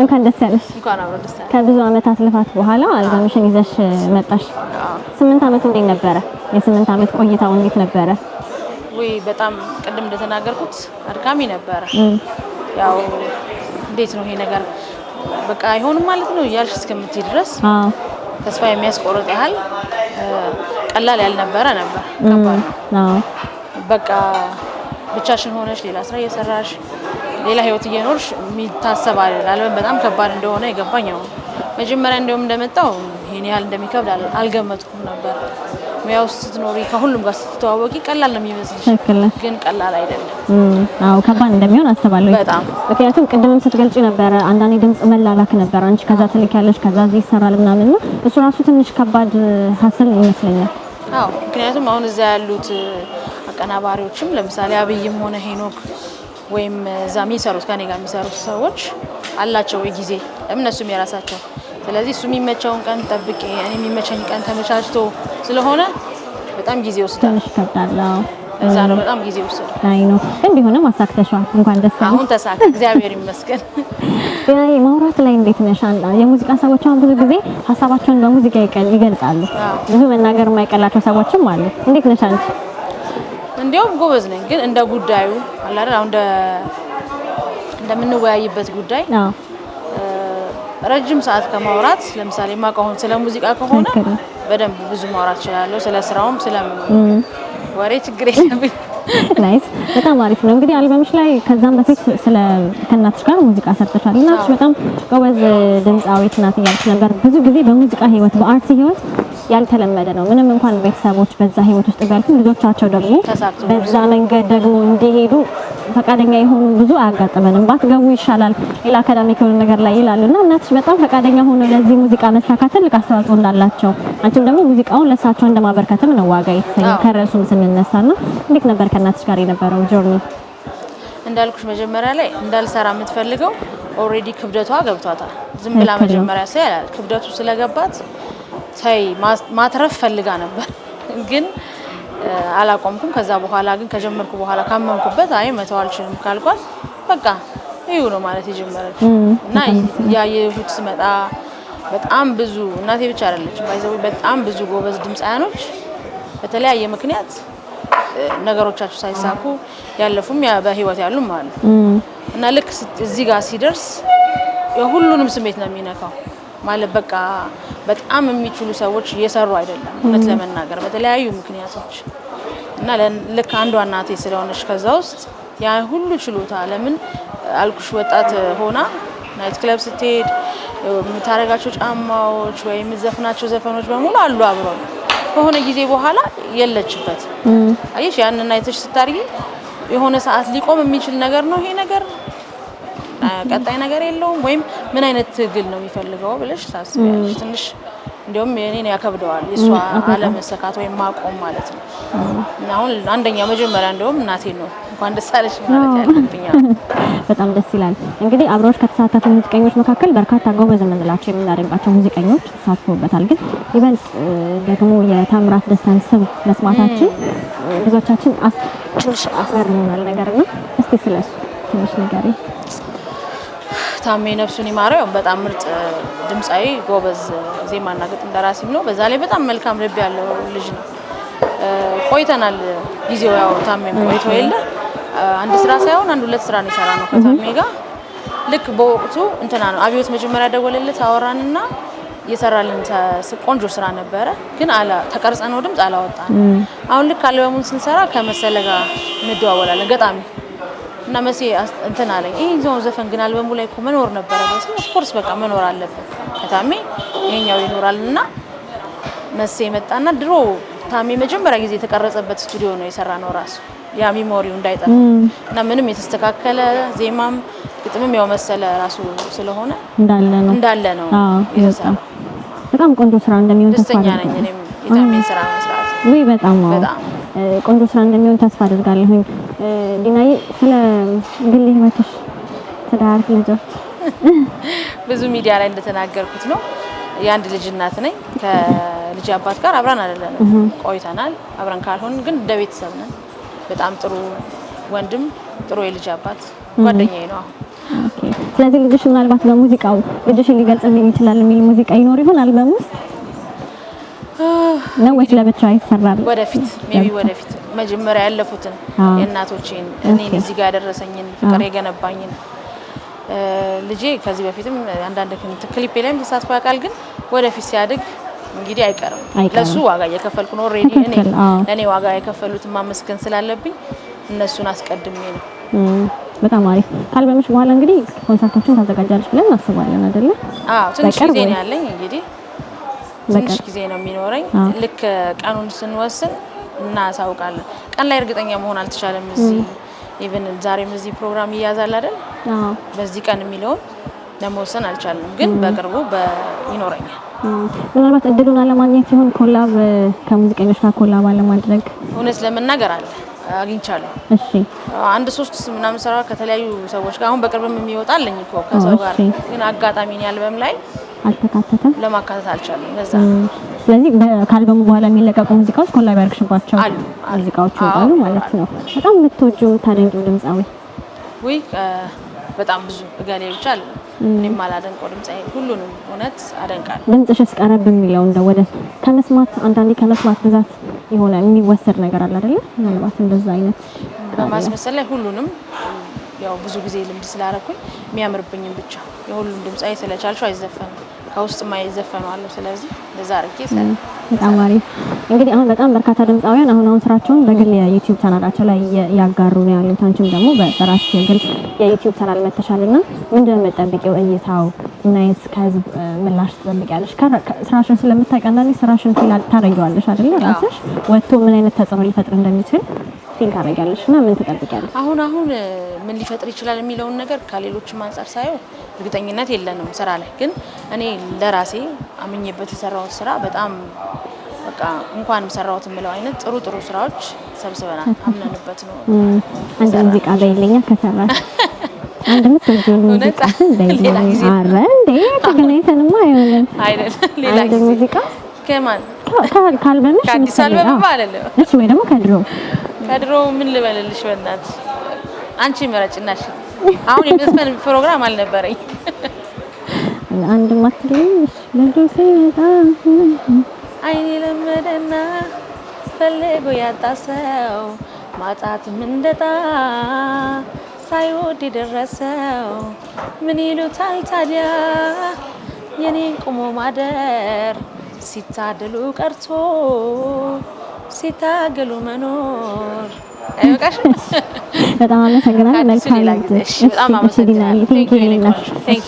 እንኳን ደስ ያለሽ። ከብዙ ዓመታት ልፋት በኋላ አልበምሽን ይዘሽ መጣሽ። ስምንት ዓመት እንዴት ነበረ? የስምንት አመት ቆይታው እንዴት ነበረ? ወይ በጣም ቅድም እንደተናገርኩት አድካሚ ነበረ። ያው እንዴት ነው ይሄ ነገር በቃ አይሆንም ማለት ነው እያልሽ እስከምትይ ድረስ ተስፋ የሚያስቆርጥ ያህል ቀላል ያልነበረ ነበር። በቃ ብቻሽን ሆነሽ ሌላ ስራ እየሰራሽ ሌላ ህይወት እየኖርሽ የሚታሰብ አይደለም። በጣም ከባድ እንደሆነ የገባኝ ነው። መጀመሪያ እንዲሁም እንደመጣው ይሄን ያህል እንደሚከብድ አልገመትኩም ነበር። ሙያው ስትኖሪ ከሁሉም ጋር ስትተዋወቂ ቀላል ነው የሚመስልሽ፣ ግን ቀላል አይደለም። አዎ ከባድ እንደሚሆን አስባለሁ በጣም ምክንያቱም ቅድምም ስትገልጪ ነበረ አንዳንዴ ድምጽ መላላክ ነበር። አንቺ ከዛ ትልክ ያለሽ ከዛ እዚህ ይሰራል ምናምን፣ እሱ ራሱ ትንሽ ከባድ ሀስል ይመስለኛል። አዎ ምክንያቱም አሁን እዛ ያሉት አቀናባሪዎችም ለምሳሌ አብይም ሆነ ሄኖክ ወይም እዛ የሚሰሩት ከኔ ጋር የሚሰሩት ሰዎች አላቸው ወይ ጊዜ እነሱም የራሳቸው። ስለዚህ እሱ የሚመቸውን ቀን ጠብቄ እኔ የሚመቸኝ ቀን ተመቻችቶ ስለሆነ በጣም ጊዜ ወስዳል። እዛ ነው በጣም ጊዜ ወስዳል። አይ ነው ግን ቢሆንም አሳክተሽዋል። እንኳን ደስ አለሽ። አሁን ተሳክ እግዚአብሔር ይመስገን። ያይ ማውራት ላይ እንዴት ነሽ? የሙዚቃ ሰዎች አሁን ብዙ ጊዜ ሀሳባቸውን በሙዚቃ ይገልጻሉ። ብዙ መናገር የማይቀላቸው ሰዎችም አሉ። እንዴት ነሽ አንቺ? እንዲያውም ጎበዝ ነኝ፣ ግን እንደ ጉዳዩ አለ አይደል አሁን እንደምንወያይበት ጉዳይ ረጅም ሰዓት ከማውራት ለምሳሌ ማቀሁን ስለ ሙዚቃ ከሆነ በደንብ ብዙ ማውራት እችላለሁ። ስለ ስራውም ስለ ወሬ ችግር የለብኝ። ናይስ፣ በጣም አሪፍ ነው። እንግዲህ አልበምሽ ላይ ከዛም በፊት ስለ ከእናትሽ ጋር ሙዚቃ ሰርተሻል። እናትሽ በጣም ጎበዝ ድምፃዊት ናት እያልሽ ነበር። ብዙ ጊዜ በሙዚቃ ህይወት፣ በአርት ህይወት ያልተለመደ ነው። ምንም እንኳን ቤተሰቦች በዛ ህይወት ውስጥ ቢያልፉም ልጆቻቸው ደግሞ በዛ መንገድ ደግሞ እንዲሄዱ ፈቃደኛ የሆኑ ብዙ አያጋጥመንም። ባትገቡ ይሻላል ሌላ አካዳሚክ የሆነ ነገር ላይ ይላሉና እናትሽ በጣም ፈቃደኛ ሆኖ ለዚህ ሙዚቃ መሳካት ትልቅ አስተዋጽኦ እንዳላቸው አንቺም ደግሞ ሙዚቃውን ለእሳቸው እንደማበርከትም ነው ዋጋ የተሰኘ ከረሱም ስንነሳና እንዴት ነበር ከእናትሽ ጋር የነበረው ጆርኒ? እንዳልኩሽ መጀመሪያ ላይ እንዳልሰራ የምትፈልገው ኦልሬዲ ክብደቷ ገብቷታል። ዝም ብላ መጀመሪያ ክብደቱ ስለገባት ተይ ማትረፍ ፈልጋ ነበር ግን አላቆምኩም። ከዛ በኋላ ግን ከጀመርኩ በኋላ ካመንኩበት አይ መተው አልችልም ካልኳት በቃ ይሁ ነው ማለት የጀመረች እና ያየሁት ስመጣ በጣም ብዙ እናቴ ብቻ አይደለች ባይዘው በጣም ብዙ ጎበዝ ድምፃያኖች በተለያየ ምክንያት ነገሮቻቸው ሳይሳኩ ያለፉም በህይወት ያሉም አሉ እና ልክ እዚህ ጋር ሲደርስ የሁሉንም ስሜት ነው የሚነካው። ማለት በቃ በጣም የሚችሉ ሰዎች እየሰሩ አይደለም፣ እውነት ለመናገር በተለያዩ ምክንያቶች እና ልክ አንዷ እናቴ ስለሆነች ከዛ ውስጥ ያ ሁሉ ችሎታ ለምን አልኩሽ ወጣት ሆና ናይት ክለብ ስትሄድ የምታደርጋቸው ጫማዎች ወይም የምዘፍናቸው ዘፈኖች በሙሉ አሉ አብረው ከሆነ ጊዜ በኋላ የለችበት። አየሽ ያንን ስታርጊ የሆነ ሰዓት ሊቆም የሚችል ነገር ነው ይሄ ነገር ቀጣይ ነገር የለውም ወይም ምን አይነት ትግል ነው የሚፈልገው ብለሽ ታስቢያለሽ። ትንሽ እንዲሁም እኔን ያከብደዋል የእሷ አለመሰካት ወይም ማቆም ማለት ነው። አሁን አንደኛ መጀመሪያ እንዲሁም እናቴ ነው እንኳን ደስ አለሽ ማለት ያለብኛ በጣም ደስ ይላል። እንግዲህ አብረዎች ከተሳተፉ ሙዚቀኞች መካከል በርካታ ጎበዝ የምንላቸው የምናደንቃቸው ሙዚቀኞች ተሳትፎበታል። ግን ይበልጥ ደግሞ የታምራት ደስታን ስም መስማታችን ብዙዎቻችን ትንሽ አሳር ይሆናል ነገር ነው። እስቲ ስለሱ ትንሽ ነገር ታሜ ነፍሱን ይማረው በጣም ምርጥ ድምፃዊ፣ ጎበዝ ዜማና ግጥም ደራሲም ነው። በዛ ላይ በጣም መልካም ልብ ያለው ልጅ ነው። ቆይተናል። ጊዜው ያው ታሜ ቆይቶ የለ አንድ ስራ ሳይሆን አንድ ሁለት ስራ ነው የሰራ ነው ከታሜ ጋር ልክ በወቅቱ እንትና ነው አብዮት መጀመሪያ ደወለለት አወራንና የሰራልን ቆንጆ ስራ ነበረ፣ ግን ተቀርጸ ነው ድምፅ አላወጣን። አሁን ልክ አልበሙን ስንሰራ ከመሰለ ጋር እንደዋወላለን ገጣሚ እና መሴ እንትን አለኝ ዞን ዘፈን ግን አልበሙ ላይ እኮ መኖር ነበረ። ኦፍኮርስ በቃ መኖር አለበት ከታሜ ይሄኛው ይኖራል። እና መሴ መጣና ድሮ ታሜ መጀመሪያ ጊዜ የተቀረጸበት ስቱዲዮ ነው የሰራ ነው ራሱ ያ ሚሞሪው እንዳይጠፋ እና ምንም የተስተካከለ ዜማም ግጥምም ያው መሰለ ራሱ ስለሆነ እንዳለ ነው እንዳለ ነው። በጣም ቆንጆ ስራ እንደሚሆን ተስፋ አደርጋለሁ። ደስተኛ ነኝ እኔም የታሜን ስራ መስራት ወይ በጣም ቆንጆ ስራ እንደሚሆን ተስፋ አደርጋለሁኝ። ዲናይ ስለ ግል ህይወትሽ፣ ትዳር፣ ልጆች ብዙ ሚዲያ ላይ እንደተናገርኩት ነው የአንድ ልጅ እናት ነኝ። ከልጅ አባት ጋር አብረን አይደለም ቆይተናል። አብረን ካልሆን ግን እንደ ቤተሰብ ነን። በጣም ጥሩ ወንድም፣ ጥሩ የልጅ አባት ጓደኛዬ ነው አሁን። ስለዚህ ልጅሽ ምናልባት በሙዚቃው ልጅሽ ሊገልጽልኝ ይችላል የሚል ሙዚቃ ይኖር ይሆን አልበም ውስጥ ነው ወይስ ለብቻ ይሰራል? ወደፊት ሜቢ ወደፊት መጀመሪያ ያለፉትን የእናቶችን እኔን እዚህ ጋር ያደረሰኝን ፍቅር የገነባኝን ልጄ ከዚህ በፊትም አንዳንድ ክሊፔ ላይም ተሳትፎ ያውቃል። ግን ወደፊት ሲያድግ እንግዲህ አይቀርም ለሱ ዋጋ እየከፈልኩ ነው። ኦልሬዲ እኔ ለእኔ ዋጋ የከፈሉትን ማመስገን ስላለብኝ እነሱን አስቀድሜ ነው። በጣም አሪፍ። ካልበምሽ በኋላ እንግዲህ ኮንሰርቶችን ታዘጋጃለች ብለን እናስባለን አይደለ? አዎ ትንሽ ጊዜ ነው ያለኝ። እንግዲህ ትንሽ ጊዜ ነው የሚኖረኝ። ልክ ቀኑን ስንወስን እናሳውቃለን። ቀን ላይ እርግጠኛ መሆን አልተቻለም። እዚህ ኢቨን ዛሬም እዚህ ፕሮግራም ይያዛል አይደል? በዚህ ቀን የሚለውን ለመወሰን አልቻለም፣ ግን በቅርቡ ይኖረኛል። ምናልባት እድሉን አለማግኘት ይሆን ኮላብ ከሙዚቀኞች ጋር ኮላብ አለማድረግ? እውነት ለመናገር አለ አግኝቻለሁ። እሺ አንድ ሶስት ምናምን ስራ ከተለያዩ ሰዎች ጋር አሁን በቅርብም የሚወጣ አለኝ እኮ ከሰው ጋር ግን አጋጣሚ አልበም ላይ አልተካተተም፣ ለማካተት አልቻለም። ስለዚህ ከአልበሙ በኋላ የሚለቀቁ ሙዚቃዎች ኮላቦሬሽንባቸው አሉ ሙዚቃዎች ይወጣሉ ማለት ነው። በጣም የምትወጁ የምታደንቂው ድምፃዊ? ውይ በጣም ብዙ እገሌ ብቻ አለ እኔም አላደንቀው ድምፃዊ፣ ሁሉንም እውነት አደንቃለሁ። ድምፅሽስ ቀረብ የሚለው እንደ ወደ ከመስማት አንዳንዴ ከመስማት ብዛት የሆነ የሚወሰድ ነገር አለ አይደለ? ምናልባት እንደዛ አይነት በማስመሰል ላይ ሁሉንም ያው ብዙ ጊዜ ልምድ ስላረኩኝ የሚያምርብኝም ብቻ የሁሉም አይ ስለቻልሽው አይዘፈንም ከውስጥ ማይዘፈኑ አለ። ስለዚህ እንደዛ አድርጌ በጣም አሪፍ እንግዲህ አሁን በጣም በርካታ ድምፃውያን አሁን አሁን ስራቸውን በግል የዩቲዩብ ቻናላቸው ላይ ያጋሩ ነው ያሉት። አንቺም ደግሞ በራስሽ የግል የዩቲዩብ ቻናል መተሻልና ምንድን ነው የምጠብቂው እይታው ናይስ ከህዝብ ምላሽ ትጠብቂያለሽ? ስራሽን ስለምታቀናኒ ስራሽን ታረጊዋለሽ አይደለ? ራስሽ ወጥቶ ምን አይነት ተጽዕኖ ሊፈጥር እንደሚችል ቲንክ አደርጋለሽ እና ምን ትጠብቂያለሽ? አሁን አሁን ምን ሊፈጥር ይችላል የሚለውን ነገር ከሌሎችም አንጻር ሳየው እርግጠኝነት የለንም ስራ ላይ ግን እኔ ለራሴ አምኜበት የሰራሁት ስራ በጣም በቃ እንኳን ሰራሁት የምለው አይነት ጥሩ ጥሩ ስራዎች ሰብስበናል። አምነንበት ነው። አንድ ሙዚቃ በይልኛ ከሰራሽ አንድ ሙዚቃ ሌላ ሙዚቃ ከማን ካልበለሽ ከአዲስ አልበባ አይደለም። ወይ ደግሞ ከድሮ ከድሮ ምን ልበልልሽ በእናትሽ አንቺ ምረጭ አሁን የመዝፈን ፕሮግራም አልነበረኝ። አንድ ማትልሽ ንጉሴ በጣም አይኔ ለመደና ፈለጎ ያጣ ማጣት ምንደጣ ሳይወድ የደረሰው ምን ይሉታል ታዲያ የኔን ቁሞ ማደር ሲታደሉ ቀርቶ ሲታገሉ መኖር አይበቃሽ። በጣም አመሰግናለሁ። መልካም ጊዜ። በጣም አመሰግናለሁ። ቴንኪው